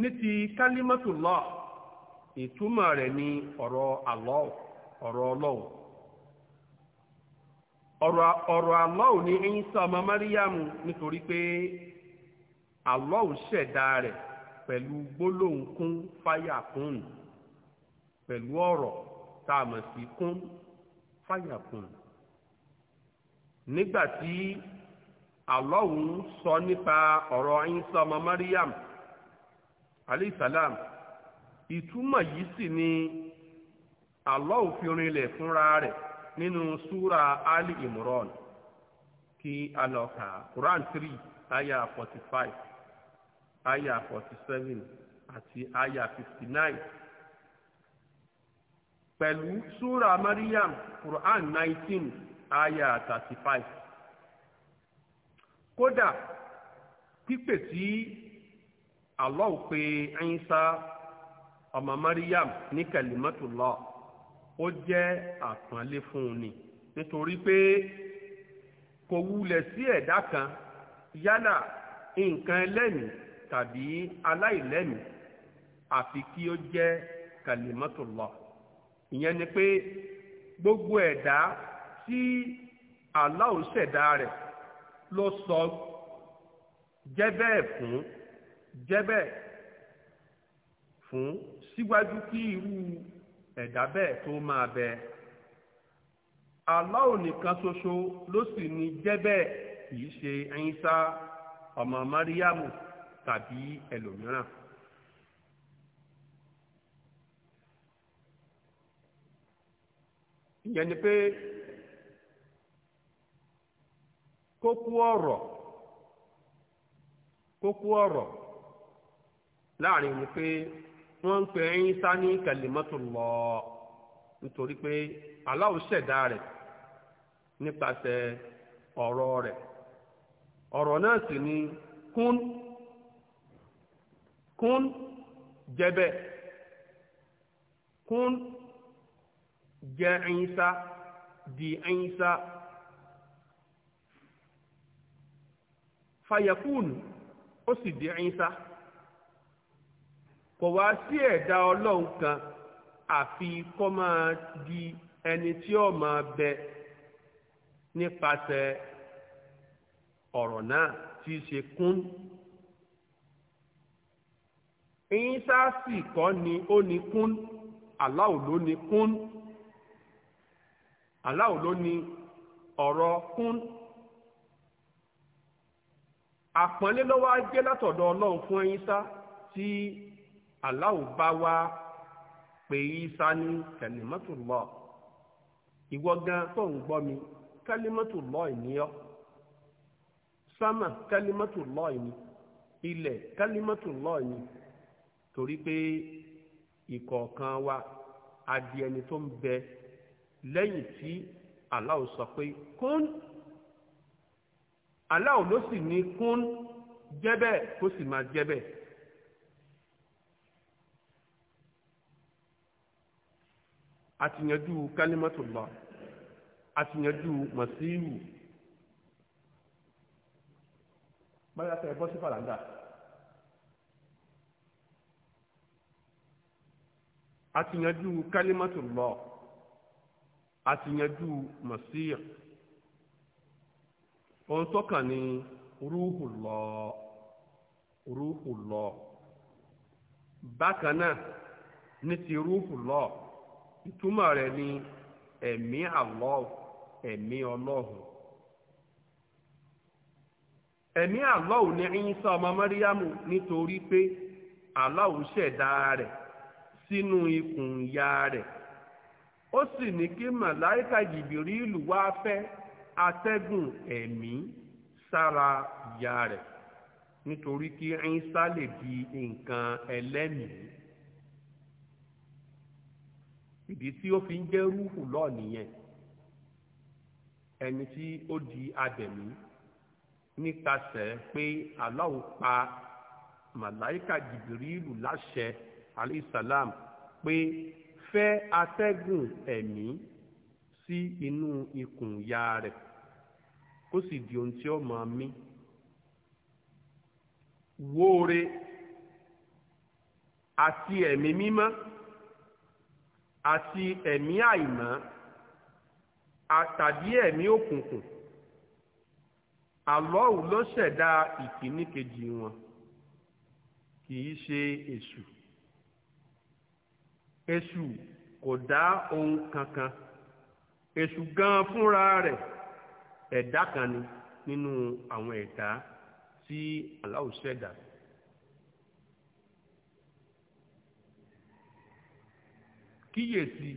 ní ti kálímọ́tòlọ́ ìtumọ̀ rẹ̀ ni ọ̀rọ̀ àlọ́ ọ̀rọ̀ ọlọ́run ọ̀rọ̀ àlọ́run ọmọ mariam nítorí pé àlọ́run ṣẹ̀dá rẹ̀ pẹ̀lú gbólóhùn fáyà kún pẹ̀lú ọ̀rọ̀ tá a mọ̀ sí kún fáyà kún nígbà tí àlọ́run sọ nípa ọ̀rọ̀ ọmọ mariam. alayhi salam ìtumọ̀ yìí sì ni Allah rinlẹ̀ fúnra rẹ̀ nínú súra ali imran kí alọ́ka quran three aya forty five aya forty seven àti fifty nine pẹ̀lú súra maryam quran nineteen aya thirty five kódà pípè Allah pé Ìsá ọmọ Maryam ní kalimatullah ó jẹ́ àpọ́nlé fún ni nítorí pé kò wulẹ̀ sí ẹ̀dá kan yálà nǹkan ẹlẹ́mìí tàbí aláìlẹ́mìí àfi kí ó jẹ́ kalimatullah ìyẹn ni pé gbogbo ẹ̀dá tí Allah ṣẹ̀dá rẹ̀ ló sọ jẹ́ bẹ́ẹ̀ fún jẹ́ bẹ́ẹ̀ fún síwájú kí irú ẹ̀dá bẹ́ẹ̀ tó máa bẹ Allah nìkan ṣoṣo ló sì ní jẹ́ bẹ́ẹ̀ kìí ṣe Ìsá ọmọ Máríyámù tàbí ẹlòmíràn. ìyẹn ni pé kókó ọ̀rọ̀ kókó ọ̀rọ̀ láàrin ni pé wọ́n ń pè Ìsá ní Kalimatullah nítorí pé Allah ṣẹ̀dá rẹ̀ nípasẹ̀ ọ̀rọ̀ rẹ̀ ọ̀rọ̀ náà sì ni kún kún jẹ́bẹ̀ kún jẹ́ Ìsá di Ìsá fayakun ó sì di Ìsá kò wá sí ẹ̀dá ọlọ́run kan àfi kó máa di ẹni tí ó máa bẹ nípasẹ̀ ọ̀rọ̀ náà tí í ṣe kún. Ìyínsá sì kọ́ ni ó ní kún Allah ló ní kún Allah ló ní ọ̀rọ̀ kún àpọ́nlé ló jẹ́ látọ̀dọ̀ ọlọ́run fún Ìyínsá tí. Si Allah bá wá pé Ìsá ní kalimatullah ìwọ gan tó ń gbọ́ mi kalimatullah ni ọ́ sámà kalimatullah ni ilẹ̀ kalimatullah ni torí pé ìkọ̀ọ̀kan wa adi ẹni tó ń bẹ lẹ́yìn tí Allah sọ pé kún Allah ló sì ní kún jẹ́ kó sì máa jẹ́ àtìyànjú kálímọ́tòlá àtìyànjú mọ̀síìwù báyà tẹ̀ bọ́ sí fàlàndà àtìyànjú kálímọ́tòlá àtìyànjú mọ̀síìwù ohun tó kàn ní rúhùlọ́ rúhùlọ́ bákan náà ní ti rúhùlọ́. ìtumọ̀ rẹ̀ ni ẹ̀mí Allah ẹ̀mí ọlọ́hun ẹ̀mí Allah ní Ìsá ọmọ Màríyámù nítorí pé Allah ṣẹ̀dá rẹ̀ sínú ikùn ìyá rẹ̀ ó sì ní kí màláìka ìlú wá fẹ́ atẹ́gùn ẹ̀mí sára ìyá rẹ̀ nítorí kí Ìsá lè di nǹkan ẹlẹ́mìí. ìdí tí ó fi ń jẹ́ rúhù lọ nìyẹn ẹni tí ó di abẹ̀mí nípasẹ̀ pé Allahu pa màláìka jìbìrìlù láṣẹ alayhisalam pé fẹ́ atẹ́gùn ẹ̀mí sí inú ikùn ìyá rẹ̀ kó sì di ohun tí ó máa mí wóore àti ẹ̀mí mímọ́ àti ẹ̀mí àìmọ́ tàbí ẹ̀mí òkùnkùn àlọ́hù ló ṣẹ̀dá ìkíní kejì wọn kì í ṣe èṣù èṣù kò dá ohun kankan èṣù gan fúnra rẹ̀ ẹ̀dá kan ni nínú àwọn ẹ̀dá tí àlọ́hù kíyèsí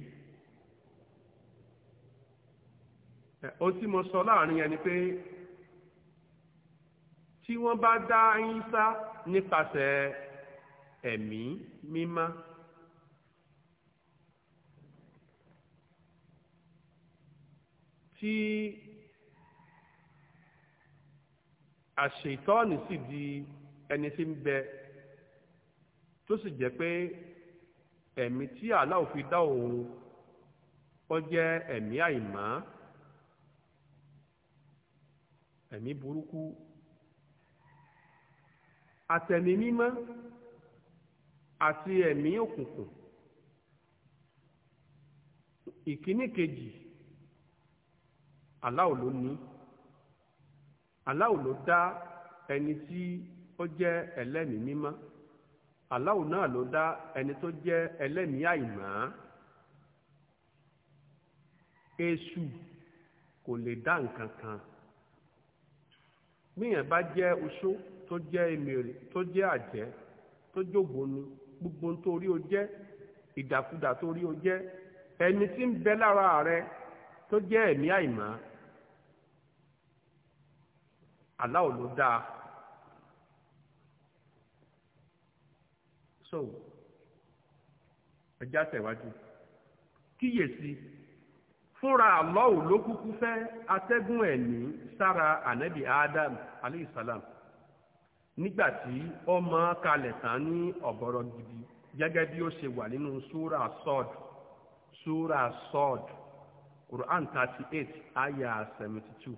ohun tí mo sọ láàrin yẹn ni pé tí wọ́n bá dá Ìsá nípasẹ̀ ẹ̀mí mímọ́ tí àṣetọ́ọ̀nì sì di ẹni tí ń bẹ tó sì jẹ́ pé ẹ̀mí tí Allah fi dá òun ó jẹ́ ẹ̀mí àìmọ́ ẹ̀mí burúkú àtẹ̀mí mímọ́ àti ẹ̀mí òkùnkùn ìkíní kejì Allah ló ní Allah ló dá ẹni tí ó jẹ́ ẹlẹ́mìí mímọ́ aláwo náà ló dá ẹni tó jẹ́ ẹlẹ́mìí àìmọ́ èṣù kò lè dá nǹkan kan gbìyàn bá jẹ́ oṣó tó jẹ́ emèrè tó jẹ́ àjẹ́ tó jògbónu gbogbo tó rí o jẹ́ ìdàkudà tó rí o jẹ́ ẹni tí ń bẹ lára rẹ tó jẹ́ ẹ̀mí àìmọ́ aláwo ló dáa. sọ̀wọ́ ẹjá tẹ̀wájú kíyèsí fúnra àlọ́ọ̀ ló kúkú fẹ́ atẹ́gùn ẹ̀mí sára ànábì adam aleyhisalaam nígbà tí kalẹ̀ tán ní gidi gẹ́gẹ́ bí ó ṣe wà nínú súra sọ́ọ̀d súra sọ́ọ̀d quran thirty eight seventy two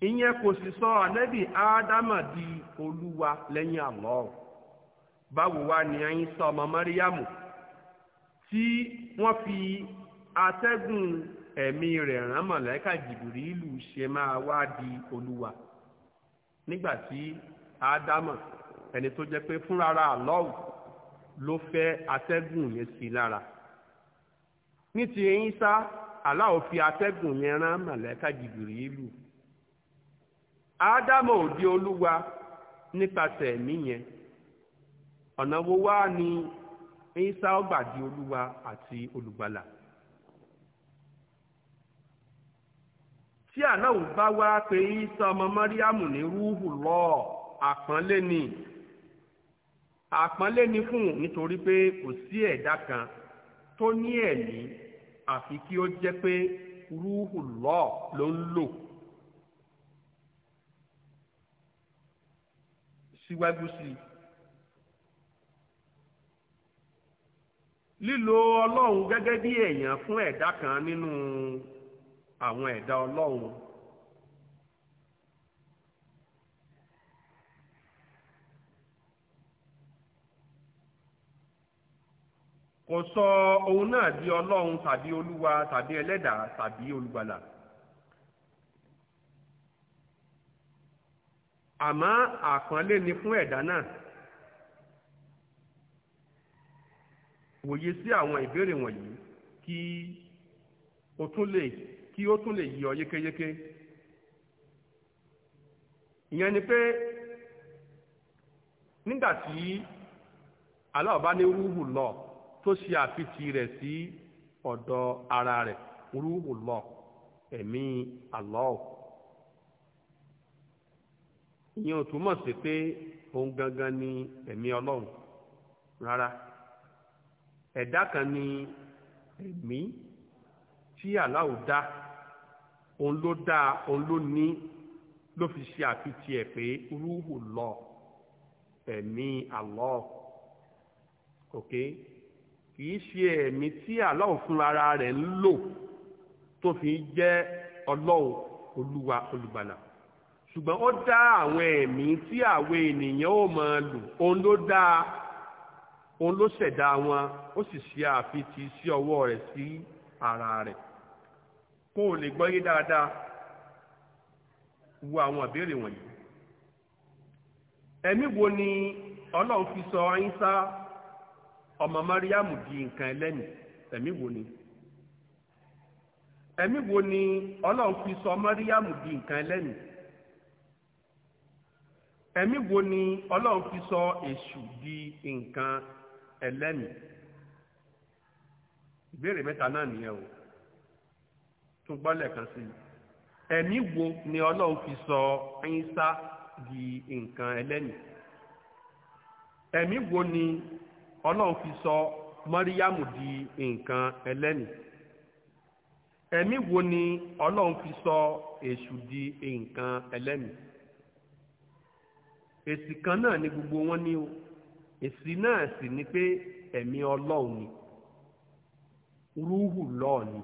ìyẹn kò sì sọ ànábì ádámà di olúwa lẹ́yìn Allah báwo wá ni ẹyin sọ ọmọ mọ́ríyàmù tí wọ́n fi atẹ́gùn ẹ̀mí rẹ̀ rán mọ̀lẹ́kà jìbìrì ìlú ṣe máa wá di olúwa nígbà tí ádámà ẹni tó jẹ́ pé fúnrara Allah ló fẹ́ atẹ́gùn yẹn sí lára ní ti ẹ̀yìn sá fi atẹ́gùn yẹn rán mọ̀lẹ́kà jìbìrì ìlú ádámù ò olúwa nípasẹ̀ ẹ̀mí yẹn ọ̀nà wo wá ni ìsá ọgbà olúwa àti olùgbàlà tí ànáwó bá wá pé ìsá ọmọ mọ́ríàmù ní rúhù lọ àpọ́nlé ni àpọ́nlé ni fún nítorí pé kò sí ẹ̀dá kan tó ní ẹ̀mí àfi kí ó jẹ́ pé rúhù lọ ló ń lò. síwájú sí i. lílo ọlọ́run gẹ́gẹ́ bí èèyàn fún ẹ̀dá kan nínú àwọn ẹ̀dá ọlọ́run kò sọ òun náà di ọlọ́run tàbí olúwa tàbí ẹlẹ́dàá tàbí olùgbàlà. àmọ́ àpọ́nlé ni fún ẹ̀dá náà wòye sí àwọn ìbéèrè wọ̀nyí kí o tún lè kí o tún lè yí ọ yékéyéké ìyẹn ni pé nígbà tí ní rúhù lọ tó ṣe àfitì rẹ sí ọdọ ara rẹ rúhù lọ ẹ̀mí ìyẹn ò túmọ̀ sí pé òun gangan ni ẹ̀mí ọlọ́run rárá ẹ̀dá kan ni ẹ̀mí tí aláwo dá òun ló dá òun ló ní ló fi ṣe àfitiẹ̀ pé rúhù lọ ẹ̀mí àlọ́ òkè kì í ṣe ẹ̀mí tí aláwo fúnra rẹ̀ ń lò tó fi jẹ́ ọlọ́run olúwa olùgbàlà ṣùgbọ́n ó dá àwọn ẹ̀mí tí àwọn ènìyàn ó máa lò òun ló dá òun ló ṣẹ̀dá wọn ó sì ṣe àfitì sí ọwọ́ rẹ̀ sí ara rẹ̀ kó o lè gbọ́ yé dáadáa wo àwọn àbẹ́rẹ́ wọ̀nyí ẹ̀mí wo ni ọlọ́run fi sọ ayínsá ọmọ mariamu di nǹkan ẹlẹ́mìí ẹ̀mí wo ni ẹ̀mí wo ni ọlọ́run fi sọ mariamu di nǹkan ẹlẹ́mìí ẹ̀mí wo ni ọlọ́run fi sọ èṣù di nǹkan ẹlẹ́mìí ìbéèrè mẹ́ta náà nìyẹn o tún gbọ́ lẹ́ẹ̀kan sí i ẹ̀mí wo ni ọlọ́run fi sọ ẹ̀yìnsá di nǹkan ẹlẹ́mìí ẹ̀mí wo ni ọlọ́run fi sọ mọ́ríyámù di nǹkan ẹlẹ́mìí ẹ̀mí wo ni ọlọ́run fi sọ èṣù di nǹkan ẹlẹ́mìí èsì kan náà ni gbogbo wọn ní o èsì náà sì ni pé ẹ̀mí ọlọ́run ni rúhù lọ́ọ̀ ni.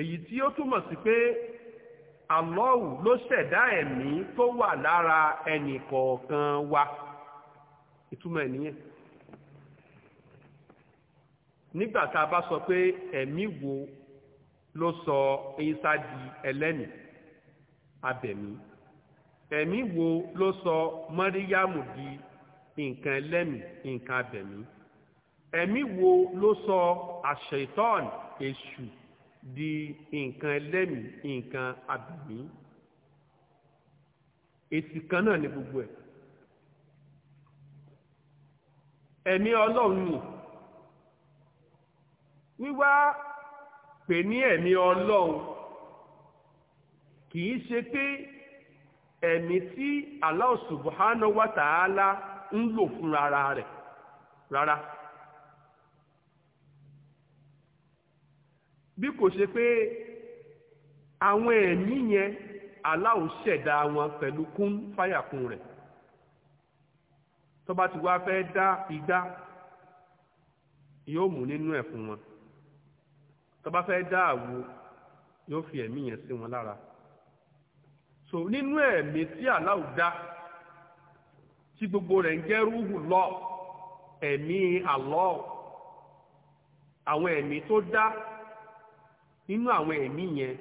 èyí tí ó túmọ̀ sí pé àlọ́wù ló ṣẹ̀dá ẹ̀mí tó wà lára ẹnì kọ̀ọ̀kan wa ìtumọ̀ ẹ̀ nìyẹn nígbà tá a bá sọ pé ẹ̀mí wo ló sọ Ìsá di ẹlẹ́mì abẹ̀mí ẹ̀mí wo ló sọ Mọ́ríyámù di nǹkan ẹlẹ́mì nǹkan abẹ̀mí ẹ̀mí wo ló sọ àṣetán èṣù di nǹkan ẹlẹ́mì nǹkan abẹ̀mí èsì kan náà ni gbogbo ẹ̀ ẹ̀mí ọlọ́run ni wíwá pè ní ẹ̀mí ọlọ́run kì í ṣe pé ẹ̀mí tí Allah subhanahu wa ta'ala ń lò fún rárá rẹ̀ rárá bí kò ṣe pé àwọn ẹ̀mí yẹn Allah ṣẹ̀dá wọn pẹ̀lú kún fáyàkún rẹ̀ tó bá ti wá fẹ́ dá igbá yóò mú nínú ẹ̀ fún wọn. tó bá fẹ́ dá àwo yóò fi ẹ̀mí yẹn sí wọn lára so nínú ẹ̀mí tí aláwò dá tí gbogbo rẹ̀ ń jẹ́ rúhù lọ ẹ̀mí àlọ́ àwọn ẹ̀mí tó dá nínú àwọn ẹ̀mí yẹn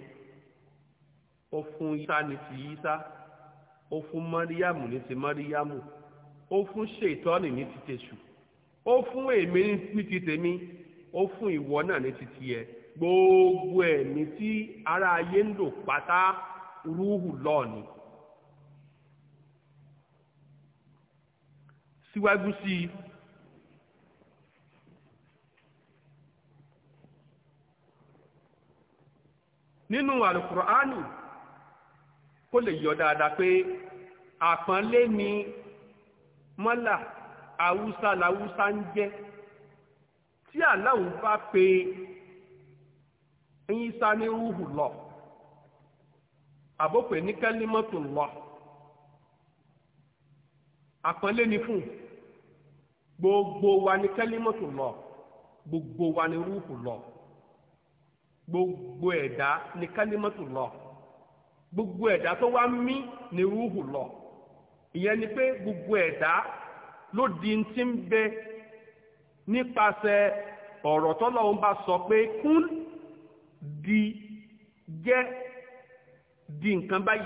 ó fún Isa ní ti o ó fún Mọ́ríyámù ní ti Mọ́ríyámù ó fún ṣètọ́nì ní ti tèṣù ó fún èmi ní ti tèmi ó fún ìwọ náà ní ti tiẹ̀. gbogbo ẹ̀mí tí ara ayé ń lò pátá rúhù lọ́ọ̀ni. síwájú sí i nínú àlùkùránì kó lè yọ dáadáa pé àpọ́nlé ni mọ́là haúsá làwúsá ń jẹ́ tí aláwùú bá pe Ìsá ní rúhù lọ àbópè ní kẹ́límọ́tò lọ àpọ́nlé ni fún gbogbo wa ní kẹ́límọ́tò lọ gbogbo wa ní rúhù lọ gbogbo ẹ̀dá ní kẹ́límọ́tò lọ gbogbo ẹ̀dá tó wá mí ní rúhù lọ ìyẹn ni pé gbogbo ẹ̀dá ló di ti ń bẹ nípasẹ̀ ọ̀rọ̀ tọ́lọ́run bá pé kún. di jẹ di nkan báyìí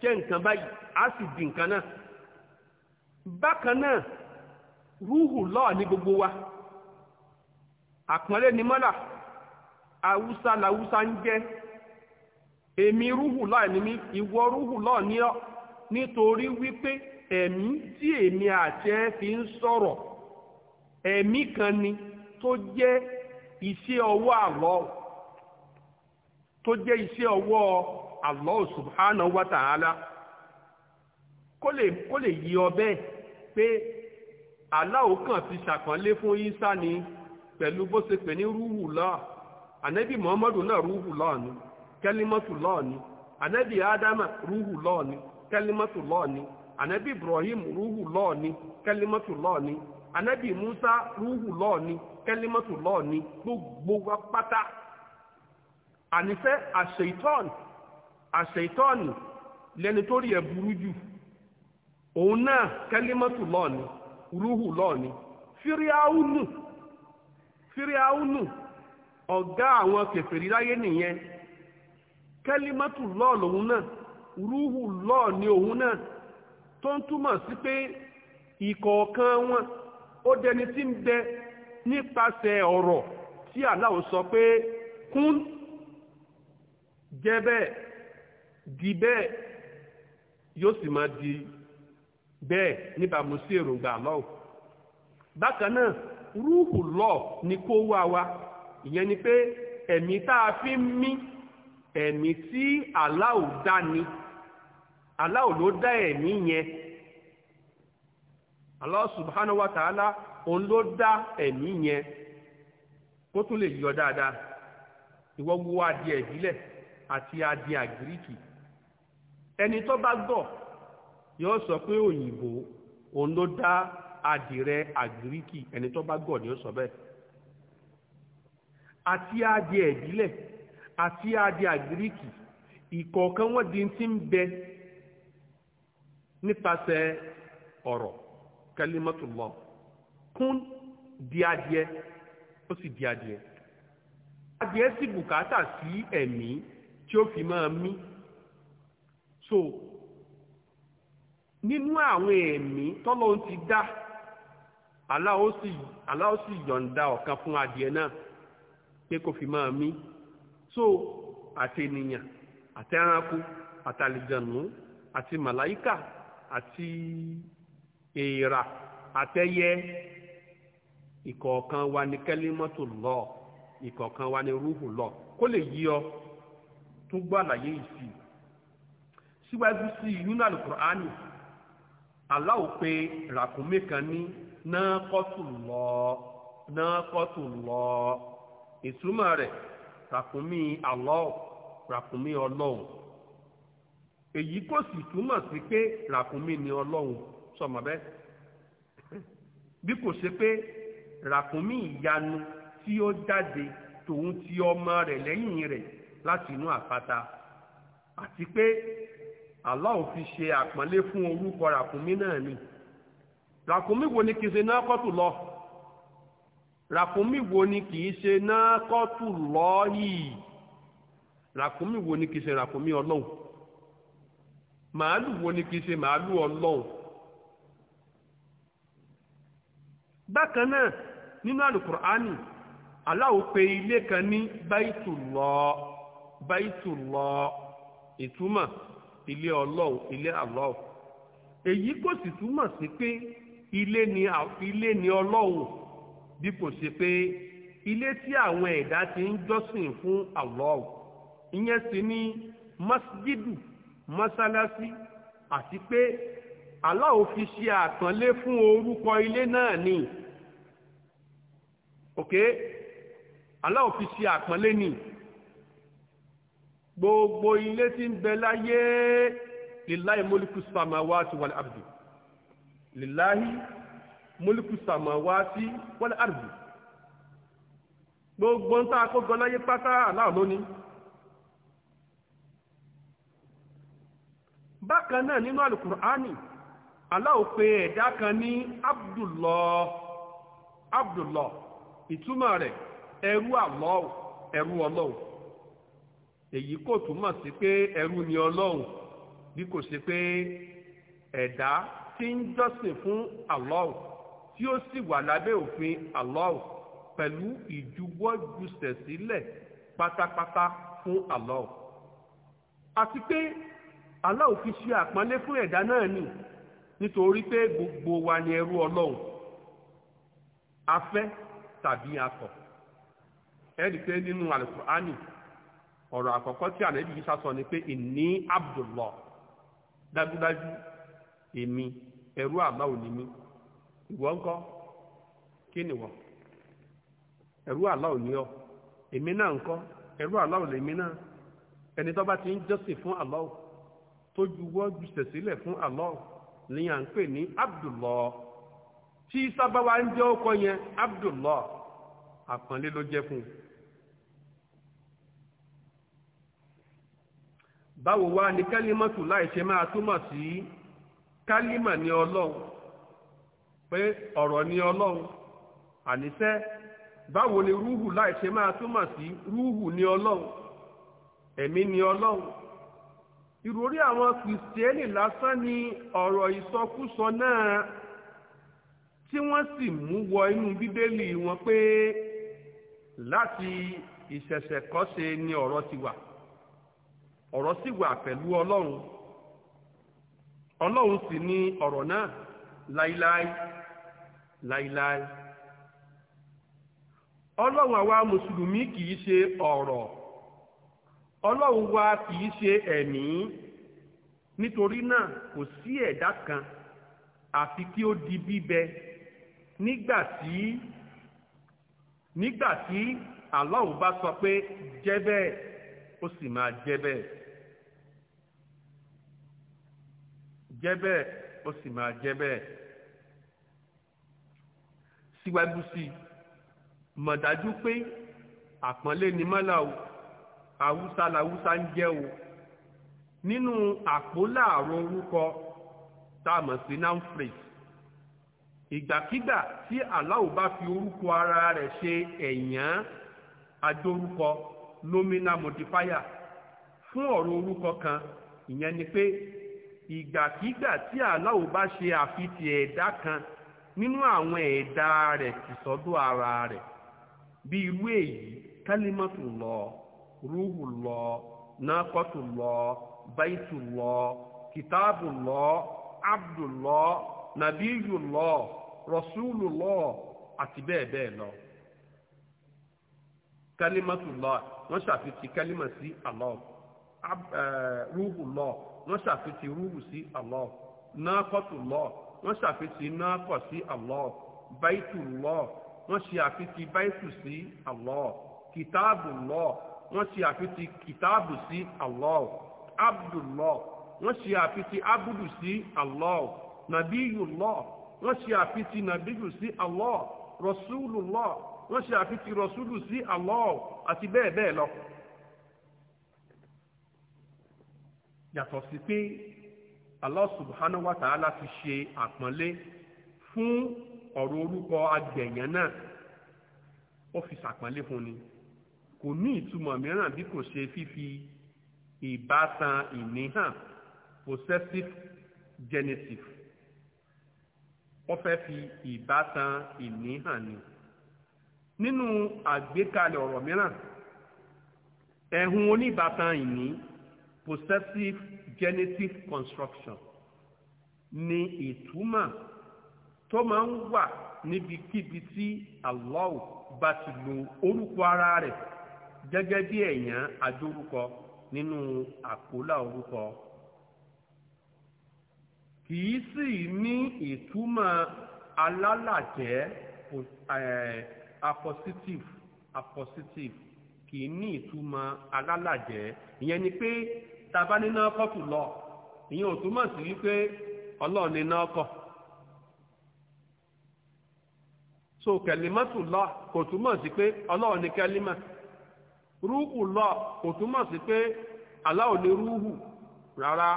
jẹ nkan báyìí á sì di nkan náà bákan náà rúhù lọ́ọ̀ ní gbogbo wa àpọ́nlé ni mọ́là awúsá làwúsá ń jẹ́ èmi rúhù lọ́ọ̀ ní mi ìwọ rúhù lọ́ọ̀ ní ọ́ nítorí wípé ẹ̀mí tí èmi àti ẹ fi ń sọ̀rọ̀ ẹ̀mí kan ni tó jẹ́ iṣẹ́ ọwọ́ àlọ́ọ̀ tó jẹ́ iṣẹ́ ọwọ́ Allah subhanahu wa ta'ala kó lè yí ọ pé Allah kàn fi ṣàpọ́nlé fún Ìsá ni pẹ̀lú bó ṣe pè ní rúhù lọ́ọ̀ ànábì Muhammadu náà rúhù lọ́ọ̀ ni kẹ́límọ́tù lọ́ọ̀ ni ànábì Ádámà rúhù lọ́ọ̀ ni kẹ́límọ́tù lọ́ọ̀ ni ànábì Ibrahim rúhù lọ́ọ̀ ni kẹ́límọ́tù lọ́ọ̀ ni ànábì Musa rúhù lọ́ọ̀ ni kẹ́límọ́tù lọ́ọ̀ ni gbogbo wa pátá ànífẹ́ àṣeyìtọ́ọ̀nù àṣeyìtọ́ọ̀nù lẹni tó rí ẹ burú jù òun náà kẹ́límọ́tù lọ́ọ̀ni rúhù lọ́ọ̀ni fíríáúnù fíríáúnù ọ̀gá àwọn kèfèrí láyé nìyẹn kẹ́límọ́tù lọ́ọ̀ lòun náà rúhù lọ́ọ̀ni òun náà tó ń túmọ̀ sí pé ìkọ̀ọ̀kan wọn ó dẹni tí ń bẹ nípasẹ̀ ọ̀rọ̀ tí Allah sọ pé kún jẹ́ bẹ́ẹ̀ di bẹ́ẹ̀ yóò sì máa di bẹ́ẹ̀ níbàámu sí èròǹgbà bákan náà rúùhù lọ ni kó wá wa ìyẹn ni pé ẹ̀mí tá fi ń ẹ̀mí tí dá ni Allah ló dá ẹ̀mí yẹn Allah subhanahu wa ta'ala òun ló dá yẹn kó tún lè yọ dáadáa ìwọ adìẹ àti adìẹ àgíríkì ẹni tó bá gbọ́ yóò sọ pé òyìnbó òun ló dá adìrẹ àgíríkì ẹni tó bá gbọ́ ni ó sọ bẹ́ẹ̀ àti adìẹ ìbílẹ̀ àti adìẹ àgíríkì ìkọ̀ọ̀kan wọ́n di ti ń bẹ nípasẹ̀ ọ̀rọ̀ kẹlímọ́tòlọ́ kún di adìẹ ó sì di adìẹ adìẹ sì bùkátà sí tí ó fi máa mí so nínú àwọn ẹ̀mí tọ́lọ́hun ti dá Allah ó sì Allah ó sì yọ̀ǹda ọ̀kan fún adìẹ náà pé kó fi máa mí so àtẹnìyàn àtẹranko àtàlìjànú àti màláíkà àti èèrà àtẹyẹ ìkọ̀ọ̀kan wa ni kẹ́límọ́tò lọ ìkọ̀ọ̀kan wa ni rúhù lọ kó lè yí ọ tó gbọ́ àlàyé yìí sí síwájú sí yúnà alukur'ani aláwò pé ràkúnmí kan ní náà kọ́tù lọ náà kọ́tù lọ ìtumọ̀ rẹ̀ ràkúnmí Allah ràkúnmí ọlọ́run èyí kò sì túmọ̀ sí pé ràkúnmí ni ọlọ́run sọmọ bẹ́ẹ̀ bí kò ṣe pé ràkúnmí ìyanu tí ó jáde tòun ti ọmọ rẹ̀ lẹ́yìn rẹ̀ láti inú àpáta àti pé Allah ò fi ṣe àpọ́nlé fún orúkọ ràkúnmí náà ni ràkúnmí wo ni kì í ṣe náà kọ́tù lọ ràkúnmí wo ni kì í ṣe náà kọ́tù lọ yìí ràkúnmí wo ni kì í ṣe ràkúnmí ọlọ́run màálù wo ni kì í ṣe màálù ọlọ́run bákan náà nínú àlùkùránì Allah ó pe ilé kan ní Baitullah Baitullah ìtumọ̀ ilé ọlọ́run ilé Allah èyí kò sì túmọ̀ sí pé ilé ni ilé ni ọlọ́run bí kò ṣe pé ilé tí àwọn ẹ̀dá ti ń jọ́sìn fún Allah ìyẹn sì ni masjidu masalasi, àti pé Allah fi ṣe àkànlé fún orúkọ ilé náà ni òkè Allah fi ṣe àkànlé ni. Okay? gbogbo ilé tí ń bẹ láyé lillahi múlùkù samawati wal gbogbo ń tá kó gan láyé pátá aláwọ̀ lónìí. bákan náà nínú kan ní abdullah abdullah ìtumọ̀ rẹ̀ ẹrú Allah èyí kò túmọ̀ sí pé ẹrú ni ọlọ́run bí kò ṣe pé ẹ̀dá tí ń jọ́sìn fún Allah tí ó sì wà lábẹ́ òfin Allah pẹ̀lú ìjuwọ́júsẹ̀ sílẹ̀ pátápátá fún Allah àti pé Allah fi ṣe àpọ́nlé fún ẹ̀dá náà nì nítorí pé gbogbo wa ni ẹrú ọlọ́run afẹ́ tàbí akọ̀ ẹ̀rí pé nínú Al-Qur'ani ọ̀rọ̀ àkọ́kọ́ tí ànábì Ìsá sọ ni pé ìní Abdullah dájúdájú èmi ẹrú àmà òní ìwọ kí ni wọ ẹrú àlá òní ọ èmi náà ńkọ́ àlá náà ẹni tó bá ti ń jọ́sìn fún Allah tó fún ni à ń pè ní ọkọ yẹn báwo wá ní kálímọ̀tù láì ṣe máa túmọ̀ sí kálímà ní ọlọ́run pé ọ̀rọ̀ ní ọlọ́run àníṣẹ́ báwo ni rúhù láì ṣe máa túmọ̀ sí rúhù ní ọlọ́run ẹ̀mí ní ọlọ́run ìròrí àwọn kìrìsìtẹ́nì lásán ni ọ̀rọ̀ ìsọkúsọ náà tí wọ́n sì mú wọ inú bíbélì wọn pé láti ìṣẹ̀ṣẹ̀kọ́ṣe ni ọ̀rọ̀ ti wà. ọ̀rọ̀ sì wà pẹ̀lú ọlọ́run ọlọ́run sì ni ọ̀rọ̀ náà láíláí láíláí ọlọ́run àwa mùsùlùmí kì í ṣe ọ̀rọ̀ ọlọ́run wa kì í ṣe ẹ̀mí nítorí náà kò sí ẹ̀dá kan àfi kí ó di bíbẹ nígbà tí nígbà tí àlọ́run bá sọ pé jẹ́ bẹ́ẹ̀ ó sì máa jẹ́ bẹ́ẹ̀. jẹ́ bẹ́ẹ̀ ó sì máa jẹ́ bẹ́ẹ̀ síwájú sí mọ̀ dájú pé àpọ́nlé ni mọ́là o àwúsá làwúsá ń jẹ́ o nínú àpò láàrọ̀ orúkọ táàmù sí noun phrase ìgbàkígbà tí aláwò bá fi orúkọ ara rẹ̀ ṣe ẹ̀yán adórúkọ nominal modifier fún ọ̀rọ̀ orúkọ kan ìyẹn ni pé ìgbàkígbà tí aláwo bá ṣe àfitì ẹ̀dá kan nínú àwọn ẹ̀dá rẹ̀ ti sọ́dọ̀ ara rẹ̀ bí irú èyí kálímọ́tù lọ rúhù lọ nákọ́tù lọ báyìtù lọ kìtáàbù lọ abdù lọ nàbíyù lọ rọ̀ṣúlù lọ àti bẹ́ẹ̀ bẹ́ẹ̀ lọ lọ wọ́n kálímọ̀ sí eh, rúhù wọ́n ṣàfitì rúhù sí Allah náàkọ́tù lọ wọ́n ṣàfitì náàkọ̀ sí Allah báìtù lọ wọ́n ṣe àfitì báìtù sí Allah kìtáàbù lọ wọ́n ṣe àfitì kìtáàbù sí Allah abdu lọ wọ́n ṣe àfitì abudu sí Allah nàbíyù lọ wọ́n ṣe àfitì nàbíyù sí Allah rọ̀ṣúlù lọ wọ́n ṣe àfitì rọ̀ṣúlù sí Allah àti bẹ́ẹ̀ bẹ́ẹ̀ lọ. yàtọ̀ sí pé Allah subhanahu wa ta'ala ti ṣe àpọ́nlé fún ọ̀rọ̀ orúkọ agbẹ̀yàn náà ó fi ṣàpọ́nlé fún ni kò ní ìtumọ̀ mìíràn bí kò ṣe fífi ìbátan ìní possessive genitive ó fẹ́ fi ìbátan ìní ni nínú àgbékalẹ̀ ọ̀rọ̀ mìíràn ẹ̀hún oníbátan ìní possessive genitive construction ni ìtumọ̀ tó máa ń wà níbikíbi tí Allah bá ti lo orúkọ ara rẹ̀ gẹ́gẹ́ bí ẹ̀yàn àjórúkọ nínú àkólà orúkọ kìí sì ní ìtumọ̀ alálàjẹ́ eh, apositive apositive kì í ní ìtumọ̀ alálàjẹ́ ìyẹn ni pé tàbá ní nákọ́tù lọ ìyẹn ò túmọ̀ sí wípé ọlọ́run ní nákọ̀ so lọ kò túmọ̀ sí pé ọlọ́run ní rúhù lọ kò túmọ̀ sí pé aláwo ni rúhù rárá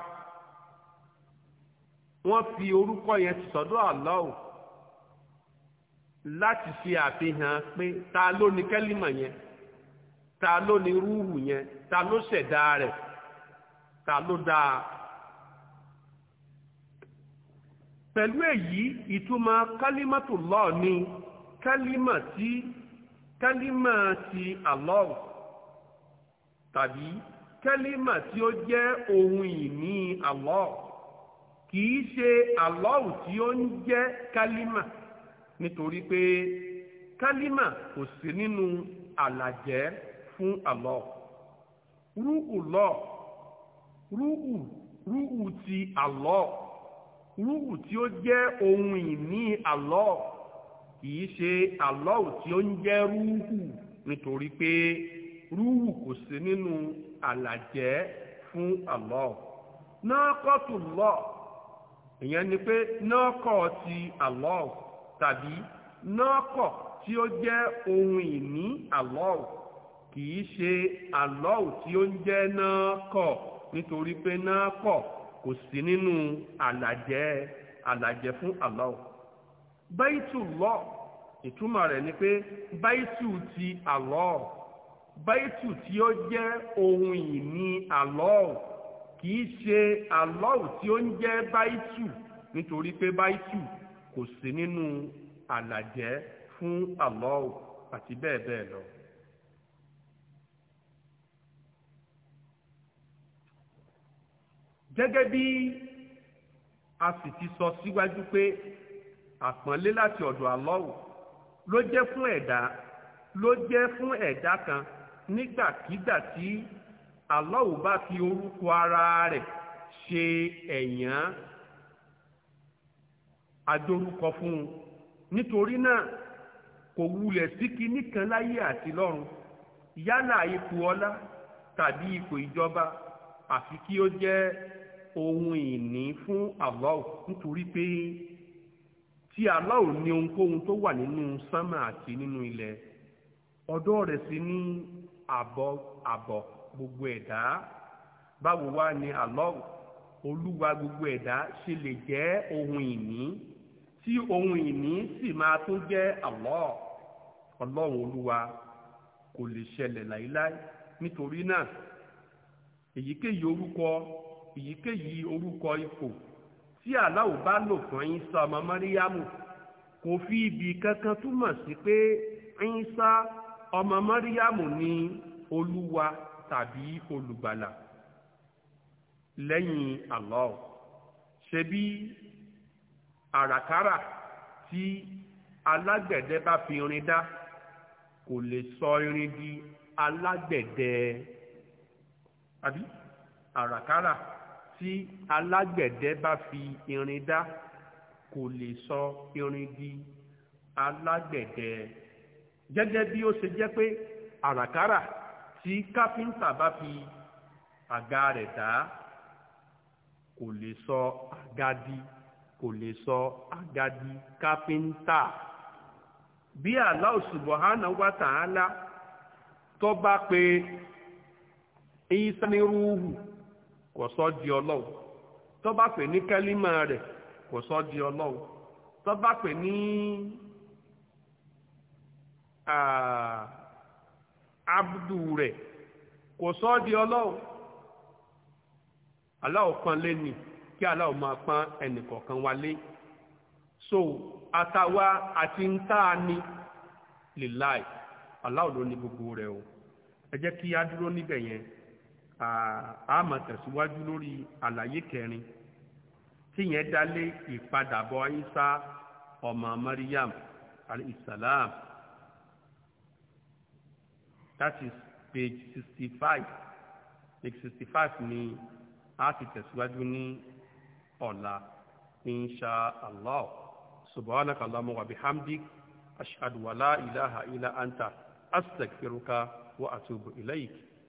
wọ́n fi orúkọ yẹn ti sọ́dọ̀ láti fi àfihàn pé ta ló ní kẹlímà yẹn ta ló ní rúhù yẹn ta ló ṣẹ̀dá rẹ̀ ta ló dáa. pẹ̀lú èyí ìtumọ̀ kálímàtù lọ́ọ̀ ni kálímà tí kálímà ti Allah tàbí kálímà tí ó jẹ́ ohun ìní Allah kìí ṣe Allah tí ó ń jẹ́ kálímà nítorí pé kálímà kò sí nínú àlàjẹ́ fún Allah rúù lọ rúù rúù ti Allah rúù tí ó jẹ́ ohun ìní Allah kìí ṣe Allah tí ó ń jẹ́ rúù nítorí pé rúù kò sí nínú àlàjẹ́ fún Allah náà kọ́tù lọ ìyẹn ni pé náà kọ́ ti Allah tàbí náà tí ó jẹ́ ohun ìní Allah kì í ṣe àlọ́ù tí ó ń jẹ́ náà kọ̀ nítorí pé náà kọ̀ kò sí nínú àlàjẹ́ àlàjẹ́ fún àlọ́ù. báyìtù lọ ìtumọ̀ rẹ̀ ni pé báyìtù ti àlọ́ù báyìtù tí ó jẹ́ ohun ìní àlọ́ù kì ṣe àlọ́ù tí ó ń jẹ́ báyìtù nítorí pé báyìtù kò sí nínú àlàjẹ́ fún àlọ́ù àti bẹ́ẹ̀ bẹ́ẹ̀ lọ. gẹ́gẹ́ bí a sì ti sọ síwájú pé àpọ́nlé láti ọ̀dọ̀ Allahu ló jẹ́ fún ẹ̀dá ló jẹ́ fún ẹ̀dá kan nígbàkígbà tí Allahu bá fi orúkọ ara rẹ̀ ṣe ẹ̀yán adorúkọ fún un kò wulẹ̀ sí ohun ìní fún Allah nítorí pé tí Allah ní ohunkóhun tó wà nínú sánmà àti nínú ilẹ̀ ọ̀dọ̀ rẹ̀ sì ní àbọ̀ àbọ̀ gbogbo ẹ̀dá báwo wá ni Allah olúwa gbogbo ẹ̀dá ṣe lè jẹ́ ohun ìní tí ohun ìní sì máa tún jẹ́ Allah ọlọ́run olúwa kò lè ṣẹlẹ̀ láíláí nítorí náà èyíkéyìí orúkọ èyíkéyìí orúkọ ipò tí aláwo bá lò fún Ìsá ọmọ mọ́ríyámù kò fi ibi kankan túmọ̀ sí pé Ìsá ọmọ mọ́ríyámù ni olúwa tàbí olùgbàlà lẹ́yìn Allah ṣebí àràkárà tí alágbẹ̀dẹ bá fi irin dá kò lè sọ irin di alágbẹ̀dẹ àbí àràkárà tí alágbẹ̀dẹ bá fi irin dá kò lè sọ irin di alágbẹ̀dẹ gẹ́gẹ́ bí ó ṣe jẹ́ pé àràkárà tí káfíńtà bá fi àga rẹ̀ dá kò lè sọ àga di kò lè sọ àga káfíńtà bí Allah subhanahu wa ta'ala tó bá pe ìsaníruhu kò sọ di ọlọ́run tó bá pè ní kẹ́límà rẹ̀ kò sọ di ọlọ́run tó bá pè ní abdu rẹ̀ kò sọ di ọlọ́run aláwọ̀ pọ́n lé kí aláwọ̀ máa pọ́n ẹnìkọ̀ọ̀kan wa so àtàwa àti ń tá a ní lè láì aláwọ̀ ló ní gbogbo rẹ̀ o ẹ jẹ́ kí á dúró níbẹ̀ yẹn a máa tẹ̀síwájú lórí àlàyé kẹrin tíyẹn dálé ìpadàbọ̀ Isa ọmọ Maryam alayhisalam that is page sixty five page sixty five ni a ti tẹ̀síwájú ní ọ̀la insha allah subhanaka allahumma wa bihamdik ashhadu wa la ilaha illa anta astaghfiruka wa atubu ilayk.